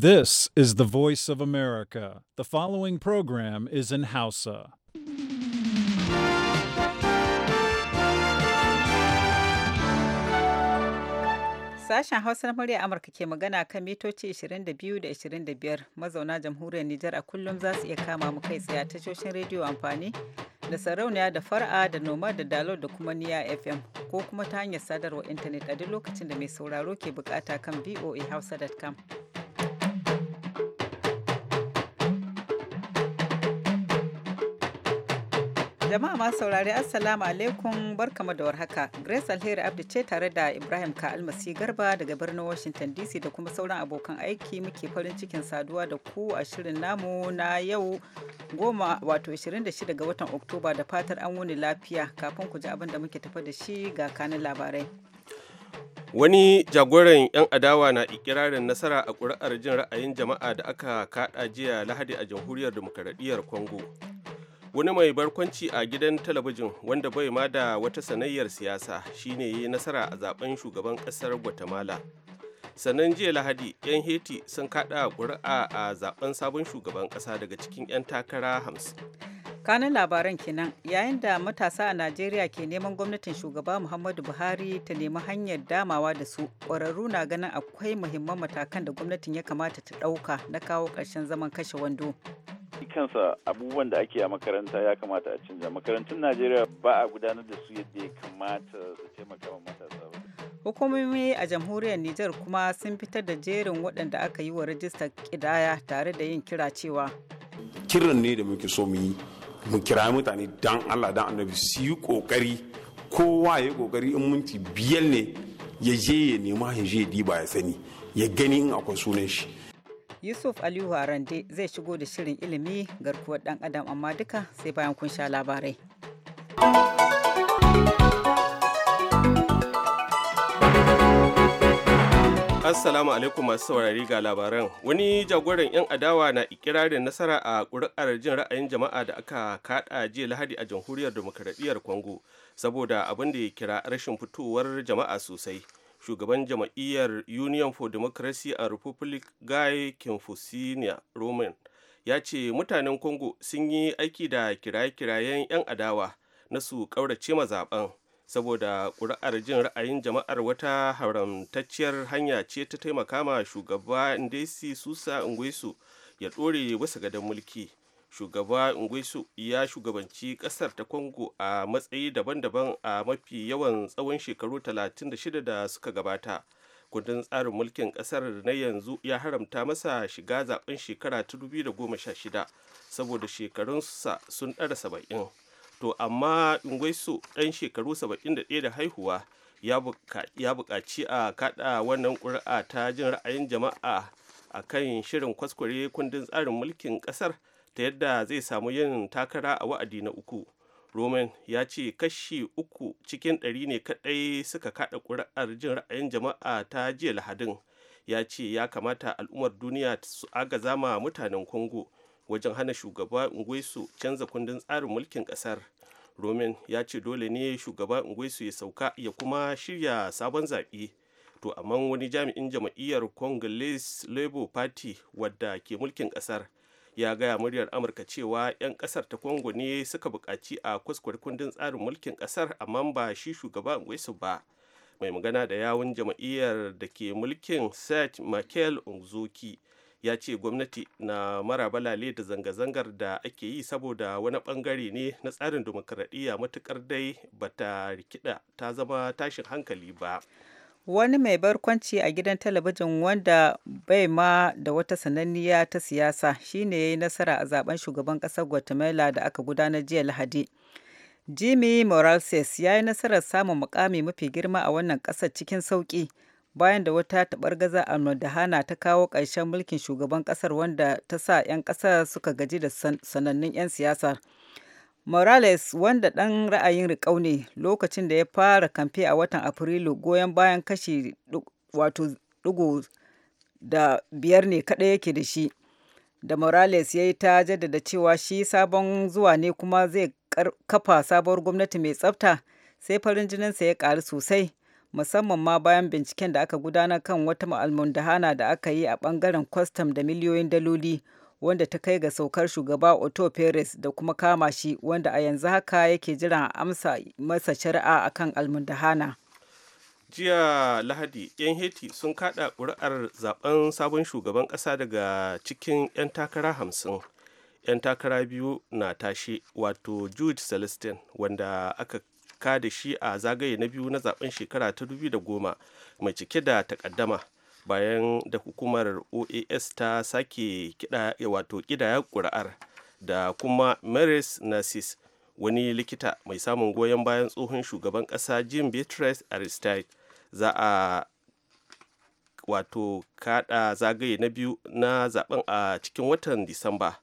This is the voice of America. The following program is in Hausa. Sashen Hausa na murya Amurka ke magana kan mitoci 22 da 25 mazauna jamhuriyar Nijar a kullum za su iya kama mu kai tsaye tashoshin rediyo amfani da sarauniya da fara da noma da dalo da kuma niya FM ko kuma ta hanyar sadarwar intanet a duk lokacin da mai sauraro ke bukata kan voahausa.com. Jama'a masu saurari Assalamu alaikum barkama da warhaka. Grace Alheri abdu ce tare da Ibrahim Ka Almasi Garba daga birnin Washington DC da kuma sauran abokan aiki muke farin cikin saduwa da ku a shirin namu na yau goma wato 26 ga watan Oktoba da fatar an wuni lafiya kafin ku ji abin da muke tafa da shi ga kanin labarai. Wani jagoran 'yan adawa na ikirarin nasara a ƙuri'ar jin ra'ayin jama'a da aka kaɗa jiya Lahadi a jamhuriyar demokaradiyyar Congo. wani mai barkwanci a gidan talabijin wanda bai ma da wata sanayyar siyasa shine ya nasara a zaben shugaban kasar guatemala sannan jiya lahadi 'yan Heti sun kada ƙuri'a a zaben sabon shugaban ƙasa daga cikin 'yan takara 50 kanan labaran kenan yayin da matasa a najeriya ke neman gwamnatin shugaba muhammadu buhari ta nemi hanyar damawa da su kwararru na ganin akwai muhimman matakan da gwamnatin ya kamata ta ɗauka na kawo ƙarshen zaman kashe wando kansa abubuwan da ake a makaranta ya kamata a canja makarantun najeriya ba a gudanar da su yadda ya kamata su taimaka wa matasa hukumomi a jamhuriyar niger kuma sun fitar da jerin waɗanda aka yi wa rajistar ƙidaya tare da yin kira cewa kiran ne da muke so mu yi mu kira mutane dan Allah dan annabi su yi kokari kowa ya kokari in minti biyar ne ya je ya nema ya je diba ya sani ya gani in akwai sunan shi yusuf aliyu harande zai shigo da shirin ilimi garkuwar dan adam amma duka sai bayan kun sha labarai Assalamu alaikum masu saurari ga labaran. Wani jagoran 'yan adawa na ikirarin nasara a ƙuri'ar jin ra'ayin jama'a da aka kaɗa jiya Lahadi a jamhuriyar demokaradiyyar Congo saboda abin da ya kira rashin fitowar jama'a sosai. Shugaban jama'iyyar Union for Democracy a Republic Guy Kimfusinia Roman ya ce mutanen Congo sun yi aiki da kiraye-kirayen 'yan adawa na su ƙaurace mazaɓen. saboda ƙuri'ar jin ra'ayin jama'ar wata haramtacciyar hanya ce ta taimaka ma shugaba ndesi susa ngwesu ya ɗore wasu gadon mulki shugaba ngwesu ya shugabanci ƙasar ta congo a matsayi daban-daban a mafi yawan tsawon shekaru 36 da suka gabata kundin tsarin mulkin ƙasar na yanzu ya haramta masa shiga zaben shekara ta 2016 saboda shekarunsa sun ɗara saba'in. to amma ɗungwaiso ɗan shekaru 71 da haihuwa ya buƙaci a kaɗa wannan ƙuri'a ta jin ra'ayin jama'a a kan shirin kwaskware kundin tsarin mulkin ƙasar ta yadda zai samu yin takara a wa'adi na uku roman ya ce kashi uku cikin ɗari ne kaɗai suka kaɗa ƙuri'ar jin ra'ayin jama'a ta jiya lahadin ya ce ya kamata al'ummar duniya su agaza ma mutanen congo wajen hana shugaba Nguesu canza kundin tsarin mulkin kasar Roman ya ce dole ne shugaba Nguesu ya sauka ya kuma shirya sabon zaɓe. To amma wani jami'in jam'iyyar Congolese Labour Party wadda ke mulkin kasar ya gaya muryar Amurka cewa 'yan kasar ta Congo ne suka buƙaci a kuskure kundin tsarin mulkin kasar amma ba shi shugaba Nguesu ba. Mai magana da yawun jam'iyyar da ke mulkin Seth Michael Onzuki ya ce gwamnati na mara balale da zanga-zangar da ake yi saboda wani bangare ne na tsarin dimokuraɗiyya matukar dai bata rikida ta zama tashin hankali ba wani mai barkwanci a gidan talabijin wanda bai ma da wata sananniya ta siyasa shine ya yi nasara a zaben shugaban ƙasar guatemala da aka gudanar jiya lahadi jimmy morales ya yi nasarar samun mukami mafi girma a wannan ƙasar cikin sauƙi bayan da wata taɓargaza a nodahana ta kawo ƙarshen mulkin shugaban ƙasar wanda ta sa 'yan ƙasar suka gaji da sanannun 'yan siyasa Morales wanda ɗan ra'ayin riƙau ne lokacin da ya fara kamfe a watan Afrilu goyon bayan kashi wato ɗigo da biyar ne kaɗai yake da shi. Da Morales ya yi ta jaddada cewa shi sabon zuwa ne kuma zai kafa sabuwar gwamnati mai tsafta sai farin jininsa ya ƙaru sosai. musamman ma bayan binciken da aka gudanar kan wata almundahana da aka yi a bangaren kwastam da miliyoyin daloli wanda ta kai ga saukar shugaba Otto Perez da kuma kama shi wanda a yanzu haka yake jiran amsa masa shari'a akan almundahana. jiya lahadi yan heti sun kada ƙuri'ar zaben sabon shugaban ƙasa daga cikin 'yan takara hamsin 'yan takara biyu na tashe wato george celestin wanda aka ka da shi a zagaye na biyu na zaben shekara ta da goma mai cike da takaddama bayan da hukumar oas ta sake kida eh, wato kidaya kuri'ar da kuma maris nasis wani likita mai samun goyon bayan tsohon shugaban kasa jim beatrice aristide za a wato kada zagaye na biyu na zaben a cikin watan disamba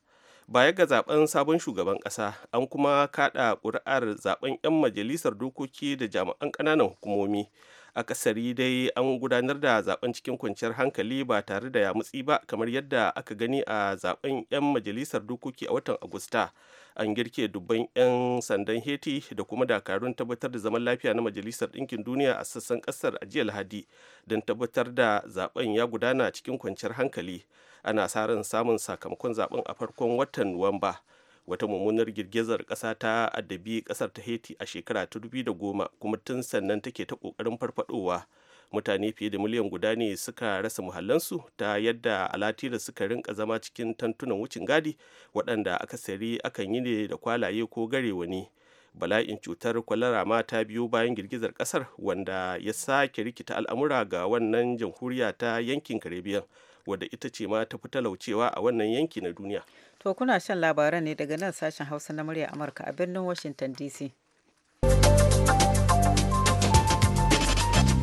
baya ga zaben sabon shugaban kasa an kuma kada ƙuri'ar zaben 'yan majalisar dokoki da jami'an ƙananan hukumomi a akasari dai an gudanar da zaben cikin kwanciyar hankali ba tare da yamutsi ba kamar yadda aka gani a zaben 'yan majalisar dokoki a watan agusta an girke dubban 'yan sandan heti da kuma dakarun tabbatar da zaman lafiya na majalisar ɗinkin duniya a sassan ƙasar a jiya lahadi don tabbatar da zaben ya gudana cikin kwanciyar hankali ana sa ran samun sakamakon zaben a farkon watan nuwamba. wata mummunar girgizar kasa ta addabi kasar ta haiti a shekara ta da goma kuma tun sannan take ta kokarin farfadowa mutane fiye da miliyan guda ne suka rasa muhallansu ta yadda alatira suka rinka zama cikin tantunan wucin gadi waɗanda akasari akan yi ne da kwalaye ko garewa ne bala'in cutar kwalara ma ta biyo bayan girgizar kasar wanda ya sake rikita al'amura ga wannan jamhuriya ta yankin karibiyan wadda ita ce ma ta fi talaucewa a wannan yanki na duniya To kuna shan labaran ne daga nan sashen Hausa na murya Amurka a birnin Washington DC.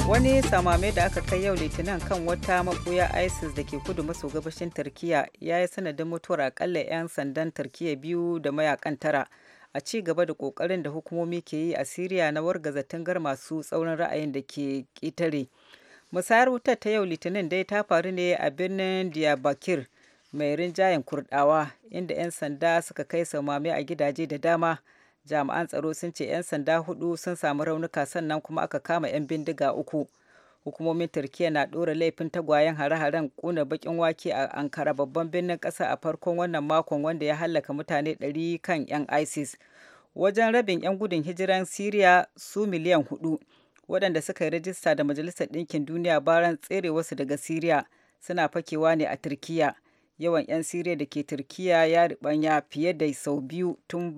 Wani samame da aka kai yau Litinin kan wata mabuya ISIS da ke kudu maso gabashin Turkiya ya yi sanadin mutuwar akalla 'yan sandan Turkiyya biyu da mayakan tara. a ci gaba da kokarin da hukumomi ke yi a Siriya na wargazatin gar masu tsaurin ra'ayin da ke ƙetare. Musayar wutar ta yau Litinin dai ta faru ne a birnin Diyarbakir mai rinjayen kurdawa inda 'yan sanda suka kai samami a gidaje da dama jami'an tsaro sun ce 'yan sanda hudu sun samu raunuka sannan kuma aka kama 'yan bindiga uku hukumomin turkiya na ɗora laifin tagwayen hare-haren kuna bakin wake a ankara babban birnin ƙasa a farkon wannan makon wanda ya hallaka mutane 100 kan 'yan isis wajen rabin 'yan gudun hijiran syria su miliyan hudu waɗanda suka yi rajista da majalisar ɗinkin duniya baran tsere wasu daga syria suna fakewa ne a turkiyya. yawan 'yan Siriya da ke turkiya ya ribanya fiye da sau biyu tun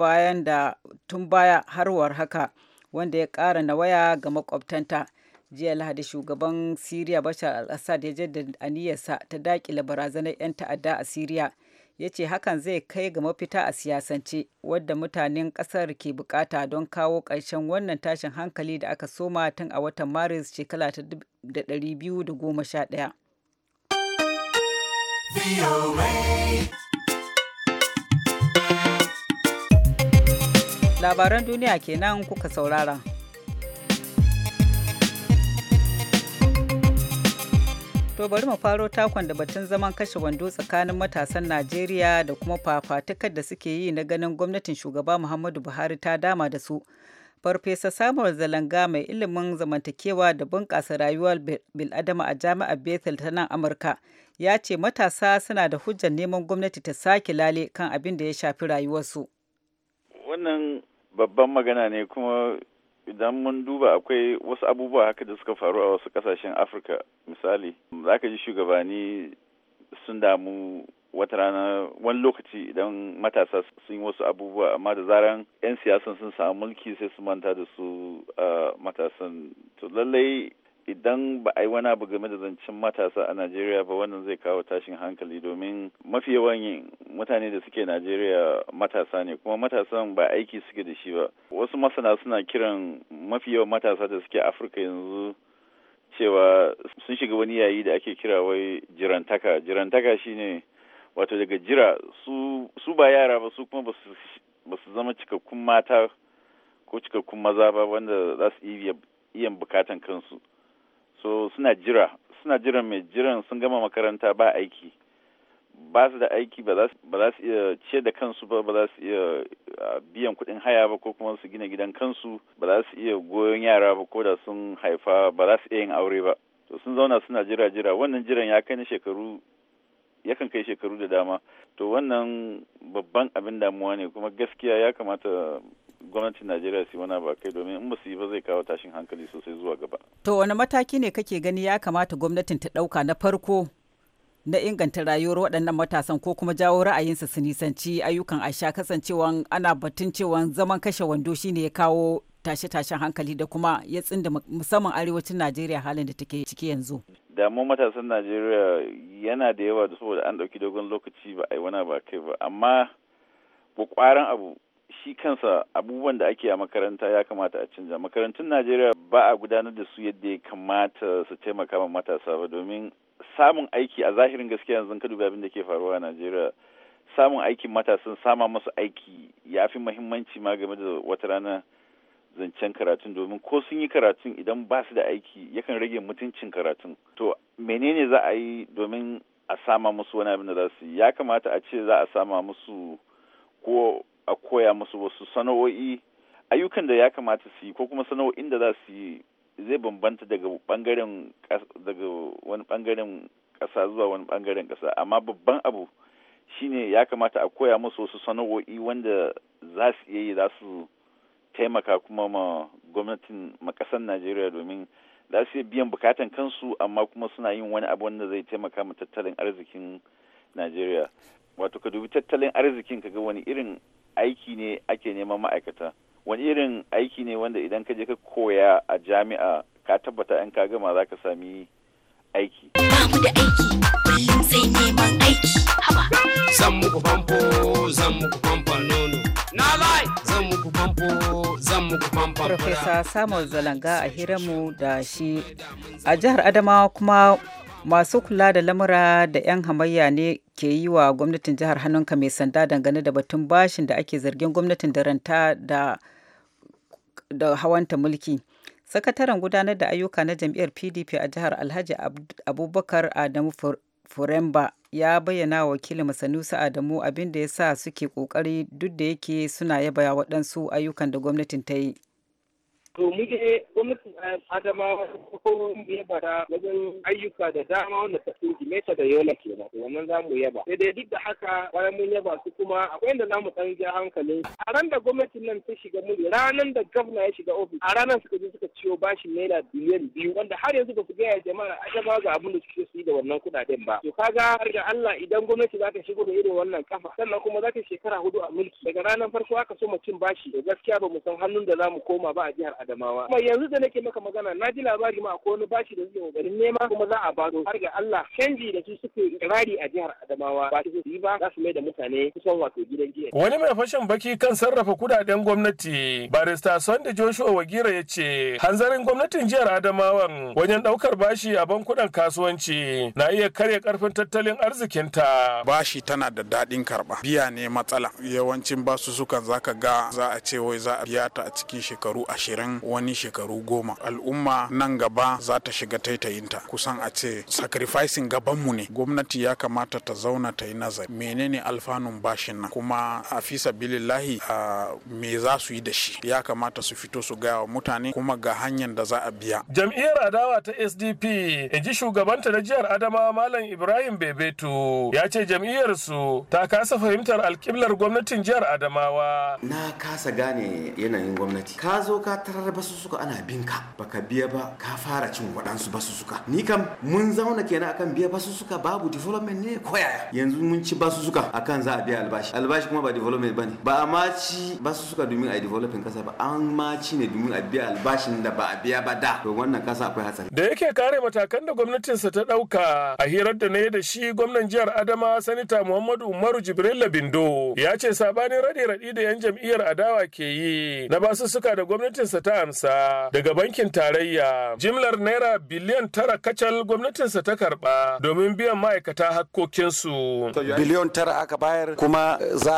baya harwar haka wanda ya kara na waya ga makwabtanta. Jiya Lahadi shugaban Siriya Bashar al-Assad ya jaddada aniyarsa ta dakile barazanar 'yan ta'adda a Siriya. Ya ce hakan zai kai ga mafita a siyasance wadda mutanen kasar ke bukata don kawo ƙarshen wannan tashin hankali da aka soma tun a watan Maris shekara ta 2011. Labaran duniya kenan kuka saurara. To bari mu faro takon da batun zaman kashe wando tsakanin matasan Najeriya da kuma fafatukar da suke yi na ganin gwamnatin shugaba Muhammadu Buhari ta dama da su Farfesa Samuel Zalanga mai ilimin zamantakewa da bunƙasa rayuwar bil'adama a jami'ar Bethel ta nan Amurka ya ce matasa suna da hujjar neman gwamnati ta sake lale kan abin da ya shafi rayuwarsu. Wannan babban magana ne kuma idan mun duba akwai wasu abubuwa haka da suka faru a wasu kasashen Afirka misali, za ka ji shugabanni sun damu wata rana wani lokaci idan matasa sun yi wasu abubuwa amma da zaran 'yan siyasan sun samu mulki sai su manta da su matasan to lallai idan ba a yi wani abu game da zancen matasa a najeriya ba wannan zai kawo tashin hankali domin mafi yawan mutane da suke najeriya matasa ne kuma matasan ba aiki suke da shi ba wasu masana suna kiran mafi yawan matasa da suke afirka yanzu cewa sun shiga wani yayi da ake kira wai jirantaka jirantaka shine wato daga jira su ba yara ba su kuma ba su zama cikakkun mata ko cikakkun maza ba wanda za su iya bukatan kansu so suna jira suna jiran mai jiran sun gama makaranta ba aiki ba su da aiki ba za su iya ce da kansu ba ba za su iya biyan kuɗin haya ba ko kuma su gina gidan kansu ba za su iya goyon yara ba ko da sun haifa ba za su iya yin aure ba to sun zauna suna jira jira wannan jiran ya kai na shekaru yakan kai shekaru da dama to wannan babban abin damuwa ne kuma gaskiya ya kamata gwamnatin najeriya su wani ba kai domin in ba su yi ba zai kawo tashin hankali sosai zuwa gaba to wani mataki ne kake gani ya kamata gwamnatin ta ɗauka na farko na inganta rayuwar waɗannan matasan ko kuma jawo ra'ayinsa su nisanci ayyukan asha kasancewan ana batun cewa zaman kashe wando shine ya kawo tashe-tashen hankali da kuma ya tsinda musamman arewacin najeriya halin da take ciki yanzu damu matasan najeriya yana da yawa da saboda an ɗauki dogon lokaci ba a yi wani ba kai ba amma kwakwaran abu shi kansa abubuwan da ake a makaranta ya kamata a canja makarantun najeriya ba a gudanar da su yadda ya kamata su taimaka ma matasa ba domin samun aiki a zahirin gaskiya yanzu ka dubi abin da ke faruwa a najeriya samun aikin matasan sama masu aiki ya fi muhimmanci ma game da wata rana zancen karatun domin ko sun yi karatun idan ba su da aiki yakan rage mutuncin karatun to menene za a yi domin a sama musu wani abin da za su yi ya kamata a ce za a sama musu ko a koya musu wasu sana'o'i ayyukan da ya kamata su yi ko kuma sana'o'in da za su yi zai bambanta daga bangaren daga wani bangaren kasa zuwa wani bangaren kasa amma babban abu shine ya kamata a koya musu wasu sana'o'i wanda za su iya yi za su taimaka kuma ma gwamnatin makasan najeriya domin za su biyan bukatan kansu amma kuma suna yin wani abu wanda zai taimaka ma tattalin arzikin najeriya wato ka dubi tattalin arzikin ka ga wani irin aiki ne ake neman ma'aikata wani irin aiki ne wanda idan ka je ka koya a jami'a ka tabbata in ka gama za ka sami aiki. Bamu da aiki, kullum sai neman aiki. Haba. Zan muku famfo, zan muku famfo na lai zan Profesa Samuel Zalanga a hiramu da shi a jihar Adamawa kuma masu kula da lamura da 'yan hamayya ne ke yi wa gwamnatin jihar hannunka mai sanda dangane da batun bashin da ake zargin gwamnatin da ranta da hawanta mulki sakataren gudanar da ayyuka na jam'iyyar pdp a jihar alhaji abubakar adamu Furemba ya bayyana wa wakilin Sanusi Adamu abin da ya sa suke kokari duk da yake suna yaba waɗansu ayyukan da gwamnatin ta yi. To muke gwamnatin eh, Adamawa ko mu yaba wajen ayyuka da dama wanda ta fi Jimeta da Yola kenan wannan za mu yaba. Sai dai duk da haka bayan mun yaba su kuma akwai inda za mu ɗan ja hankalin. A ran da gwamnatin nan ta shiga mulki ranar da gwamna ya shiga ofis a ranar suka je suka ciwo bashi naira biliyan biyu wanda har yanzu ba su gaya jama'a adama ga abin da suke su yi da wannan kuɗaɗen ba. To kaga har da Allah idan gwamnati za ta shigo da irin wannan kafa sannan kuma za ta shekara hudu a mulki daga ranar farko aka so mu cin bashi da gaskiya ba mu san hannun da za mu koma ba a jihar Adamawa. Kuma yanzu da nake maka magana na ji labari ma akwai wani bashi da suke kokarin nema kuma za a bado har ga Allah canji da su suke rari a jihar Adamawa ba su yi ba za su mai da mutane kusan wato gidan jiya. Wani mai fashin baki kan sarrafa kudaden gwamnati barista Sunday Joshua Wagira ya ce hanzarin gwamnatin jihar adamawa wajen ɗaukar bashi a bankunan kasuwanci na iya karya karfin tattalin arzikinta. Bashi tana da daɗin karɓa biya ne matsala yawancin basu sukan zaka ga za a ce wai za a biya ta a cikin shekaru ashirin wani shekaru goma al'umma nan gaba za ta shiga taitayinta kusan a ce sacrificing gabanmu ne gwamnati ya kamata ta zauna ta yi nazari menene alfanun bashin nan kuma a fi sabilillahi a me za su yi da shi ya kamata su fito su gaya wa mutane kuma ga hanyar da za a biya jam'iyyar adawa ta sdp in ji shugabanta na jihar Adamawa malam ibrahim bebeto ya ce jam'iyyar su ta kasa fahimtar alkiblar gwamnatin jihar adamawa na kasa gane yanayin gwamnati ka zo ka tarar tarar basu suka ana binka baka biya ba ka fara cin waɗansu basu suka ni kam mun zauna kenan akan biya basu babu development ne koyaya yanzu mun ci basu suka akan za a biya albashi albashi kuma ba development bane ba a ma ci basu domin a developing kasa ba an ma ci ne domin a biya albashin da ba a biya ba da to wannan kasa akwai hatsari da yake kare matakan da gwamnatinsa ta ɗauka a hirar da na yi da shi gwamnan jihar adama sanita muhammadu umaru jibril labindo ya ce sabanin raɗe-raɗi da yan jam'iyyar adawa ke yi na basu da gwamnatinsa ta amsa daga bankin tarayya jimlar naira biliyan tara kacal gwamnatinsa ta karba domin biyan ma'aikata hakkokinsu. biliyon tara aka bayar kuma za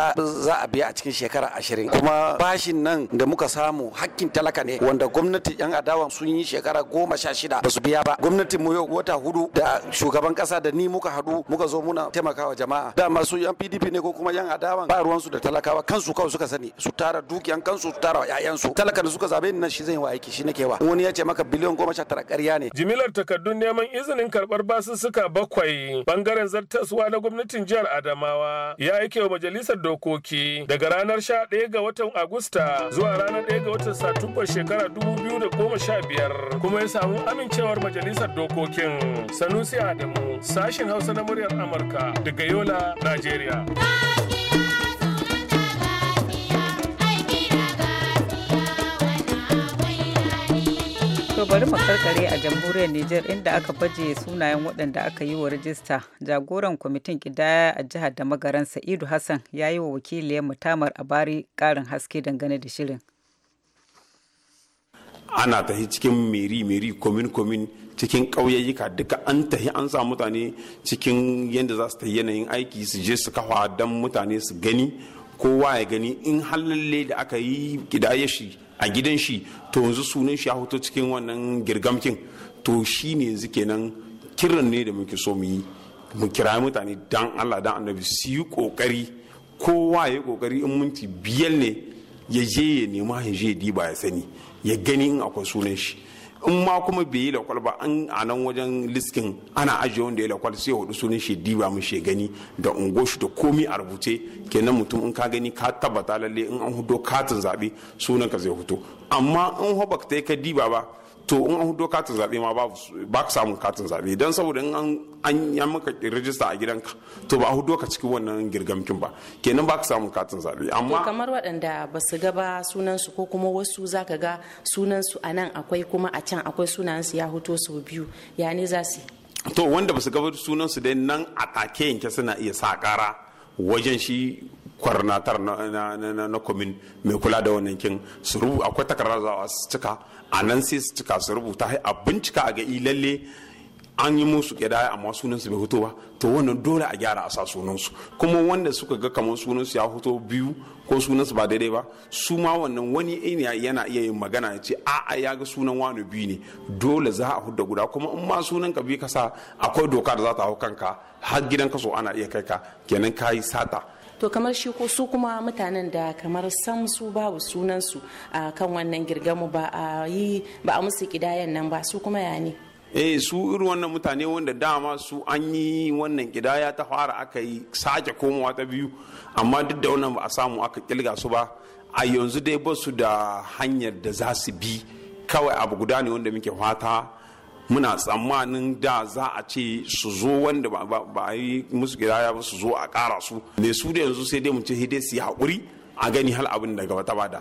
a biya a cikin shekara ashirin kuma bashin nan da muka samu hakkin talaka ne wanda gwamnati yan adawa sun yi shekara goma sha shida ba su biya ba gwamnatin mu yau wata hudu da shugaban kasa da ni muka hadu muka zo muna taimakawa jama'a da masu yan pdp ne ko kuma yan adawa ba ruwansu da talakawa kansu kawai suka sani su tara dukiyan kansu su tara 'ya'yansu talaka da suka zabe biliyan nan shi zai wa aiki shi nake wa wani ya ce maka biliyan goma sha tara ƙarya ne jimilar takardun neman izinin karɓar basussuka bakwai bangaren zartaswa na gwamnatin jihar adamawa ya aike wa majalisar dokoki daga ranar sha ɗaya ga watan agusta zuwa ranar ɗaya ga watan satumbar shekara dubu biyu da goma sha biyar kuma ya samu amincewar majalisar dokokin sanusi adamu sashin hausa na muryar amurka daga yola najeriya To bari mu karkare a jamhuriyar Nijar inda aka baje sunayen waɗanda aka yi wa rajista. Jagoran kwamitin kidaya a jihar da magaran Sa'idu Hassan ya yi wa wakiliyar mutamar a bari ƙarin haske dangane da shirin. Ana tahi cikin meri-meri komin-komin cikin ƙauyayyuka duka an tahi an sa mutane cikin yadda za su tafi yanayin aiki su je su kafa don mutane su gani kowa ya gani in halalle da aka yi kidaya shi a gidan shi to yanzu sunan shi ya hoto cikin wannan girgamkin to shi ne yanzu kenan kiran ne da muke so mu yi mu kira mutane dan Allah dan annabi su yi kokari kowa ya kokari in minti biyar ne ya je ya nema ya je diba ya sani ya gani in akwai sunan shi in ma kuma bai yi lakwal ba an a nan wajen liskin ana ajiye wanda ya lakwal sai hudu sunan shi diba mu shi gani da ungoshi da komi a rubuce kenan mutum in ka gani ka tabbata lalle in an hudo katin zabe sunan ka zai huto amma in hobak ta ka diba ba to in an hudo katin zaɓe ma ba ka samun katin zaɓe don saboda in an yi maka rijista a gidanka to ba a hudo ka cikin wannan girgamkin ba kenan ba ka samun katin zaɓe amma kamar waɗanda ba su gaba sunansu ko kuma wasu za ka ga sunansu a nan akwai kuma a can akwai sunansu ya hoto su biyu ya ne za su to wanda ba su gaba sunansu dai nan a take yanke suna iya sa ƙara wajen shi kwarnatar na, komin mai kula da wannan kin su rubu akwai takarar za a cika a nan sai su cika su rubuta a bincika a ga lalle an yi musu kidaya amma sunan su bai fito ba to wannan dole a gyara a sa sunansu kuma wanda suka ga kamar sunansu ya fito biyu ko sunan ba daidai ba su ma wannan wani yana iya yin magana ya ce a a ya ga sunan wani biyu ne dole za a hudda guda kuma in ma sunan ka biyu ka sa akwai doka da za ta hau kanka har gidan kaso ana iya kai ka kenan ka yi sata to kamar shi ko su kuma mutanen da kamar sam su babu sunan su a kan wannan girgamu ba a yi ba a musu kidayen nan ba su kuma ya ne eh su irin wannan mutane wanda dama su an yi wannan kidaya ta fara aka yi sake komowa ta biyu amma duk da wannan ba a samu aka kilga su ba a yanzu dai ba su da hanyar da za su bi kawai abu guda ne wanda muke fata muna tsammanin da za a ce su zo wanda ba a yi musu gidaya ba su zo a kara su ne su da yanzu sai dai mu ce hidai su yi haƙuri a gani hal abin gaba ta bada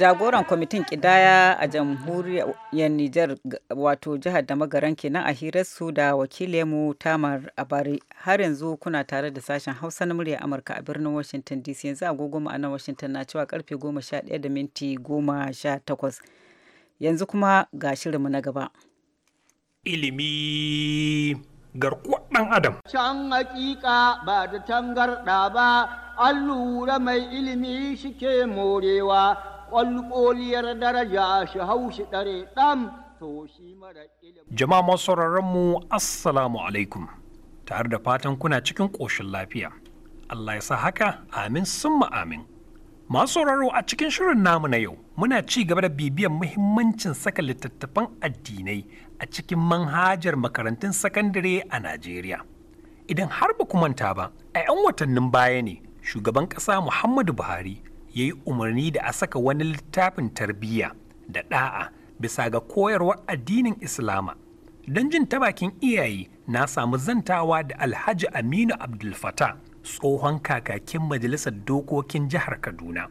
jagoran kwamitin kidaya a jamhuriyar Nijar wato jihar da magaran kenan a hirarsu da wakilinmu Tamar Abari har yanzu kuna tare da sashen Hausa na murya Amurka a birnin Washington DC yanzu agogo ma'ana Washington na cewa karfe 11 da minti 18 yanzu kuma ga shirinmu na gaba. Ilimi garkuwar adam. Can hakika ba da tangarɗa ba, an lura mai ilimi shike morewa Kwalkoliyar daraja shi haushi ɗare ɗan to shi mara ilimin. Jama'a masu mu Assalamu alaikum, tare da fatan kuna cikin ƙoshin lafiya. Allah ya sa haka, amin summa amin. Masu sauraro a cikin shirin namu na yau muna ci gaba da bibiyan muhimmancin saka littattafan addinai a cikin manhajar makarantun sakandare a Najeriya. Idan har ba ku manta ba, a 'yan watannin baya ne shugaban ƙasa Muhammadu Buhari ya yi umarni da a saka wani littafin tarbiyya da ɗa'a bisa ga koyarwar addinin islama don jin ta bakin iyaye na samu zantawa da alhaji aminu abdulfata tsohon kakakin majalisar dokokin jihar kaduna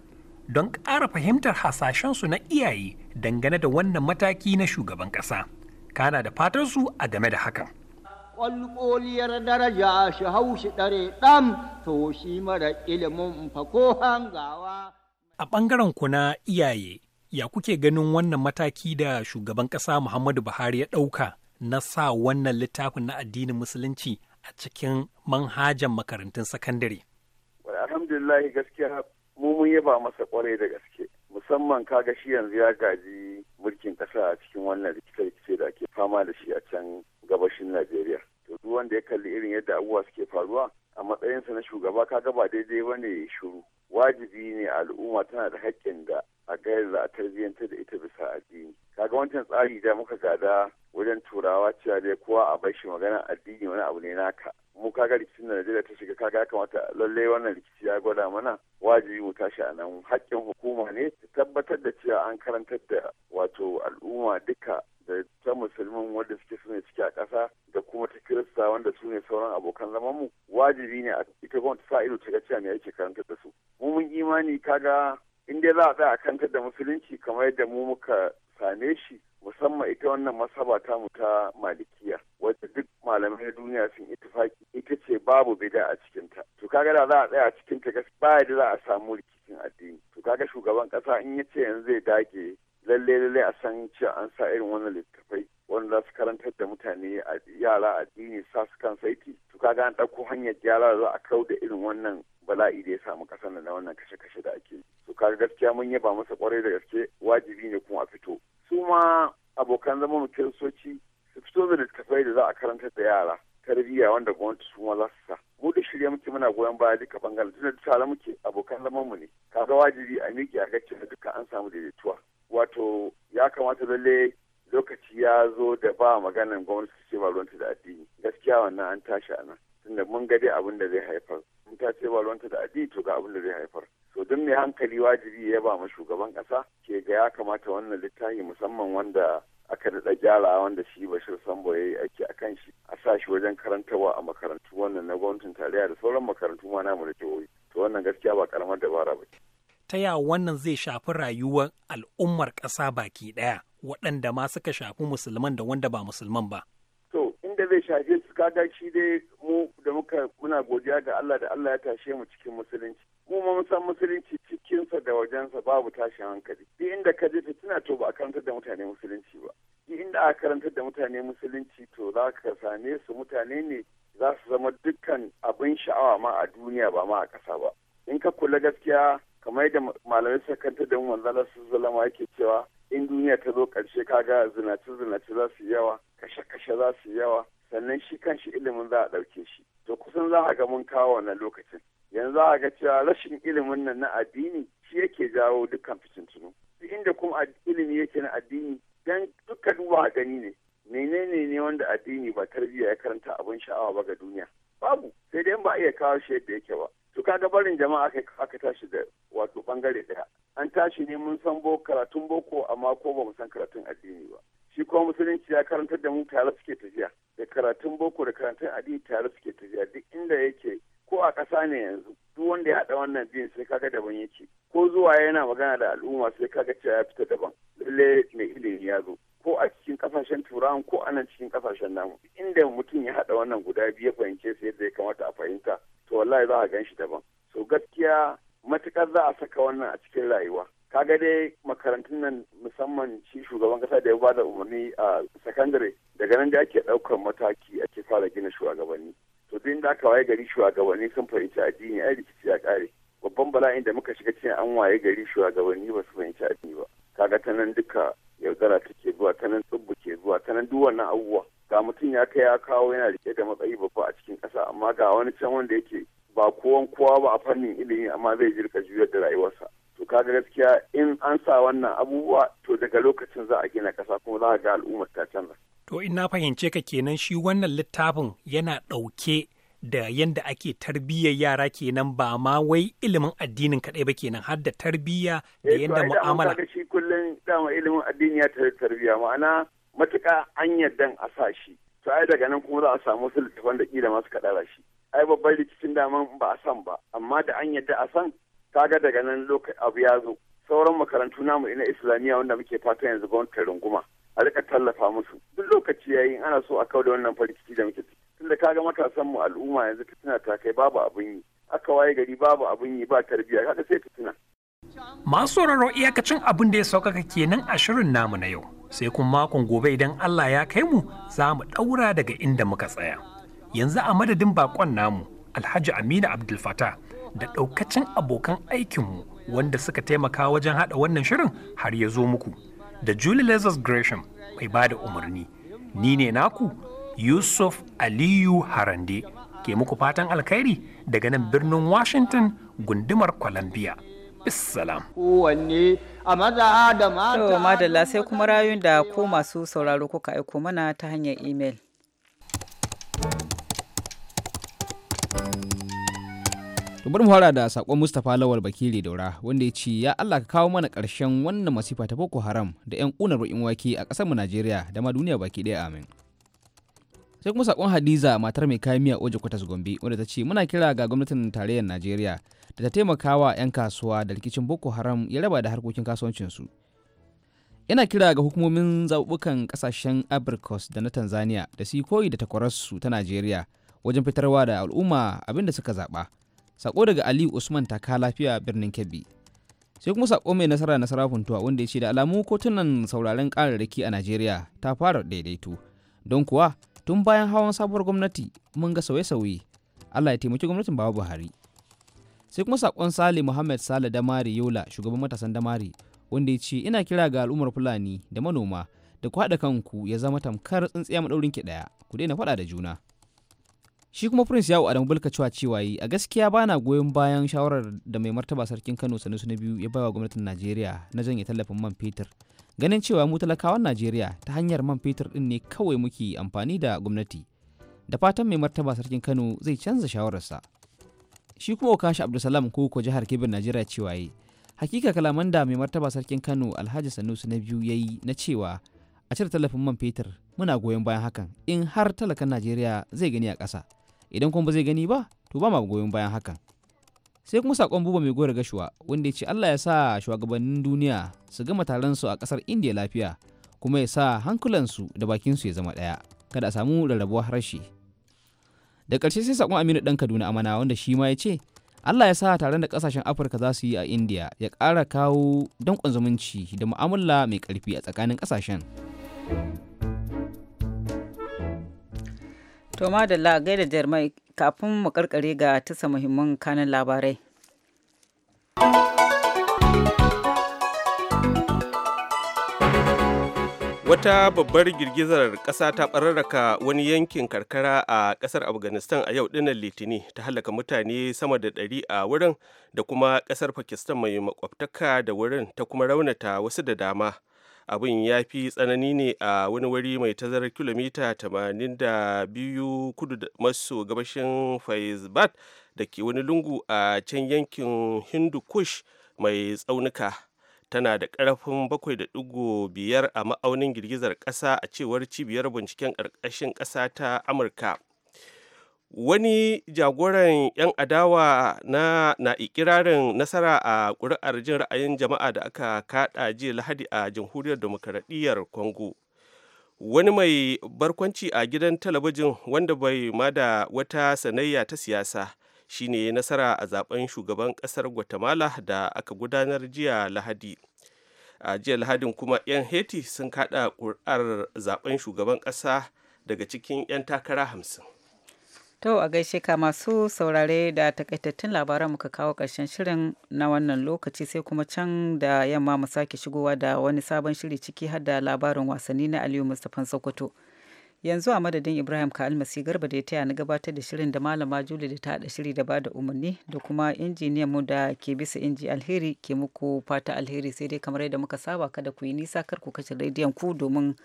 don ƙara fahimtar hasashensu na iyaye dangane da wannan mataki na shugaban ƙasa kana da su a game da hakan ƙwalƙoliyar daraja shi haushi ɗare ɗam to mara ilimin fa ko hangawa. A ɓangaren ku na iyaye, ya kuke ganin wannan mataki da shugaban ƙasa Muhammadu Buhari ya ɗauka na sa wannan littafin na addinin Musulunci a cikin manhajan makarantun sakandare? Alhamdulillah gaskiya mu mun yaba masa kwarai da gaske musamman kaga shi yanzu ya gaji mulkin ƙasa a cikin wannan rikice-rikice da ake fama da shi a can gabashin najeriya to duk wanda ya kalli irin yadda abubuwa suke faruwa a matsayinsa na shugaba ka gaba daidai ba ne shiru wajibi ne al'umma tana da haƙƙin da a gayar da a tarbiyyanta da ita bisa addini kaga wancan tsari da muka gada wajen turawa cewa dai kowa a bar shi magana addini wani abu ne naka mu kaga rikicin da Najeriya ta shiga kaga ya kamata lalle wannan rikici ya gwada mana wajibi mu tashi a nan haƙƙin hukuma ne ta tabbatar da cewa an karantar da wato al'umma duka da ta musulmin wanda suke suna ciki a ƙasa da kuma ta kirista wanda su ne sauran abokan zaman mu wajibi ne a ita gwamnati sa ido ta ga cewa me yake karantar da su mu mun imani kaga in dai za a tsaya a karantar da musulunci kamar yadda mu muka same shi musamman ita wannan masaba ta mu ta malikiya wacce duk malamai na duniya sun itifaki ita ce babu bida a cikinta to kaga da za a tsaya a cikinta ba da za a samu rikicin addini to kaga shugaban kasa in ya ce yanzu zai dage lalle lalle a san cewa an sa irin wannan littattafai wanda za su karantar da mutane yara addini sa su kan saiti to kaga an ɗauko hanyar yara za a kau da irin wannan bala'i da ya samu kasa. na wannan kashe-kashe da ake to kaga gaskiya mun yaba masa kwarai da gaske wajibi ne kuma a fito suma. abokan zama mu kiristoci su fito da littattafai da za a karanta da yara tarbiyya wanda gwamnati su ma mu da shirya muke muna goyon baya duka bangaren tunda tare muke abokan zaman mu ne kaga wajibi a miƙe a gacce da duka an samu daidaituwa wato ya kamata lalle lokaci ya zo da ba maganan gwamnati su ce ba ruwanta da addini gaskiya wannan an tashi a nan tunda mun ga dai abin da zai haifar mun ta ce ba ruwanta da addini to ga abin da zai haifar to don mai hankali wajibi ya ba ma shugaban kasa ke ga ya kamata wannan littafi musamman wanda aka daɗa gyara wanda shi bashir sambo ya yi aiki a kan shi a sa shi wajen karantarwa a makarantu wannan na gwamnatin tarayya da sauran makarantu ma namu da jihohi to wannan gaskiya ba karamar dabara ba ta ya wannan zai shafi rayuwar al'ummar ƙasa baki ɗaya waɗanda ma suka shafi musulman da wanda ba musulman ba to inda zai shafi su kaga shi dai mu da muka muna godiya ga Allah da Allah ya tashe mu cikin musulunci kuma mun san musulunci cikinsa da wajensa babu tashin hankali duk inda ka je fitina to ba a karantar da mutane musulunci ba duk inda aka karantar da mutane musulunci to za ka same su mutane ne za su zama dukkan abin sha'awa ma a duniya ba ma a ƙasa ba in ka kula gaskiya kamar yadda malamai suka kanta da manzala su zalama yake cewa in duniya ta zo ƙarshe kaga zinace zinace za su yawa kashe kashe za su yawa sannan shi kanshi ilimin za a ɗauke shi to kusan za a ga mun kawo wannan lokacin yanzu za a ga cewa rashin ilimin nan na addini shi yake jawo dukkan fitintunu inda kuma ilimi yake na addini dan duka duba gani ne menene ne wanda addini ba tarbiyya ya karanta abin sha'awa ba ga duniya babu sai dai ba a iya kawo shi yadda yake ba kaga barin jama'a aka tashi da wato bangare daya an tashi ne mun san karatun boko amma ko ba mu san karatun addini ba shi kuma musulunci ya karantar da mu tare suke tafiya da karatun boko da karatun addini tare suke tafiya duk inda yake ko a ƙasa ne yanzu duk wanda ya haɗa wannan din sai kaga daban yake ko zuwa yana magana da al'umma sai kaga cewa ya fita daban lalle mai ilimi ya zo ko a cikin kasashen turawan ko a nan cikin kasashen namu inda mutum ya haɗa wannan guda biyu ya fahimce sai yadda ya kamata a fahimta to wallahi za a gan shi daban so gaskiya matukar za a saka wannan a cikin rayuwa kaga dai makarantun nan musamman shi shugaban kasa da ya bada umarni a sakandare daga nan da ake daukar mataki ake fara gina shugabanni to duk da aka waye gari shugabanni sun fahimci addini ai rikici ya kare babban bala'in da muka shiga cikin an waye gari shugabanni ba su fahimci addini ba kaga ta nan duka yaudara take zuwa ta nan tsubbu ke zuwa ta nan duk wannan abubuwa ga mutum ya kai ya kawo yana rike da matsayi babba a cikin ƙasa amma ga wani can wanda yake ba kowan kowa ba a fannin ilimi amma zai jirka juyar da rayuwarsa to kaga gaskiya in an sa wannan abubuwa to daga lokacin za a gina ƙasa kuma za a ga al'ummar ta canza. to in na fahimce ka kenan shi wannan littafin yana ɗauke da yadda ake tarbiyyar yara kenan ba ma wai ilimin addinin kaɗai ba kenan har da tarbiyya da eh, yadda mu'amala. Eh, dama ilimin addini ya tarbiyya ma'ana matuƙa an yarda a sa shi to ai daga nan kuma za a samu wasu littafan da kila masu kaɗara shi ai babban rikicin daman ba a san ba amma da an yarda a san ga daga nan abu ya zo sauran makarantu namu ina islamiyya wanda muke fata yanzu gwamnati runguma a rika tallafa musu duk lokaci yayi ana so a kawo da wannan farkici da muke tunda kaga matasan mu al'umma yanzu tuna ta kai babu abin yi aka waye gari babu abin yi ba tarbiyya kaga sai tuna masu sauraro iyakacin abin da ya saukaka kenan a shirin namu na yau sai kun makon gobe idan Allah ya kai mu za mu ɗaura daga inda muka tsaya. Yanzu a madadin baƙon namu Alhaji Aminu Abdul da ɗaukacin abokan aikinmu wanda suka taimaka wajen haɗa wannan shirin har ya zo muku. Da Julie Lazarus Gresham mai ba da umarni. Ni ne naku Yusuf Aliyu Harande ke muku fatan alkhairi daga nan birnin Washington gundumar Columbia. Bissalam. Kowanne a maza da mata. Yau madalla sai kuma rayun da ko masu sauraro kuka aiko mana ta hanyar imel. bari mu fara da sakon Mustapha Lawal Bakiri Daura wanda ya ce ya Allah ka kawo mana ƙarshen wannan masifa ta Boko Haram da 'yan kunar ruwan wake a ƙasar mu Najeriya da ma duniya baki ɗaya amin. sai kuma sakon hadiza matar mai kayan miya oje kwatas gombe wadda ta ce muna kira ga gwamnatin tarayyar najeriya da ta taimaka wa 'yan kasuwa da rikicin boko haram ya raba da harkokin kasuwancinsu yana kira ga hukumomin zaɓuɓɓukan ƙasashen abrikos da na tanzania da su koyi da takwararsu ta najeriya wajen fitarwa da al'umma abin da suka zaɓa sako daga aliyu usman taka lafiya birnin kebbi sai kuma sako mai nasara na sarafuntuwa wanda ya ce da alamu kotunan sauraren ƙararraki a najeriya ta fara daidaito don kuwa tun bayan hawan sabuwar gwamnati mun ga sauye-sauye allah ya taimaki gwamnatin baba buhari sai kuma sakon sale muhammad sale damari yola shugaban matasan damari wanda ya ce ina kira ga al'ummar fulani da manoma da ku haɗa kanku ya zama tamkar tsintsiya maɗaurin ki ɗaya ku daina faɗa da juna shi kuma prince yawo adamu bulka cewa cewa a gaskiya bana goyon bayan shawarar da mai martaba sarkin kano sanusi na biyu ya baiwa gwamnatin najeriya na janye tallafin man fetur ganin cewa mu talakawan najeriya ta hanyar man fetur din ne kawai muke amfani da gwamnati da fatan mai martaba sarkin kano zai canza shawararsa shi kuma okashi abdulsalam ko ko jihar kebbi najeriya cewa yi hakika kalaman da mai martaba sarkin kano alhaji sanusi na biyu ya yi na cewa a cire tallafin man fetur muna goyon bayan hakan in har talakan najeriya zai gani a ƙasa idan kuma ba zai gani ba to ba ma goyon bayan hakan sai kuma sakon buba mai gora gashuwa wanda ya ce Allah ya sa shugabannin duniya su gama taron su a kasar indiya lafiya kuma ya sa hankulansu da bakin su ya zama daya kada a samu rarrabuwar harshe da karshe sai sakon Aminu dan Kaduna Amana wanda shi ma ya ce Allah ya sa taron da kasashen Afirka za su yi a indiya ya kara kawo danƙon zumunci da mu'amala mai ƙarfi a tsakanin ƙasashen. To madalla gaida jarmai kafin mu karkare ga tasa muhimman kanan labarai. Wata babbar girgizar ƙasa ta ɓararraka wani yankin karkara a ƙasar Afghanistan a yau ɗinnan Litini ta halaka mutane sama da ɗari a wurin da kuma ƙasar Pakistan mai makwabtaka da wurin ta kuma raunata wasu da dama. abin ya fi tsanani ne a wani wuri mai tazarar kilomita 82 kudu maso gabashin faizbat da ke wani lungu a can yankin hindu kush mai tsaunuka tana da ƙarfin 7.5 a ma'aunin girgizar ƙasa a cewar cibiyar binciken ƙarƙashin ƙasa ta amurka wani jagoran 'yan adawa na, na ikirarin nasara a ƙuri'ar jin ra'ayin jama'a da aka kaɗa jiya lahadi a jamhuriyar demokaradiyyar congo wani mai barkwanci a gidan talabijin wanda bai ma da wata sanayya ta siyasa shine nasara a zaben shugaban ƙasar guatemala da aka gudanar jiya lahadi a jiya lahadin kuma 'yan haiti sun kaɗa ƙuri'ar zaben shugaban ƙasa daga cikin 'yan takara hamsin To a gaishe ka masu saurare da takaitattun labaran muka kawo ƙarshen shirin na wannan lokaci sai kuma can da yamma mu sake shigowa da wani sabon shiri ciki har da labarin wasanni na Aliyu Mustapha Sokoto. Yanzu a madadin Ibrahim ka almasi garba da ya taya na gabatar da shirin da malama Juli da ta haɗa shiri da bada umarni da kuma injiniyan mu da ke bisa inji alheri ke muku fata alheri sai dai kamar yadda muka saba kada ku yi nisa kar ku kashe rediyon ku domin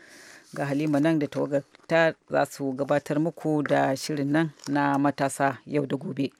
ga halima nan da tawagar ta za su gabatar muku da shirin nan na matasa yau da gobe.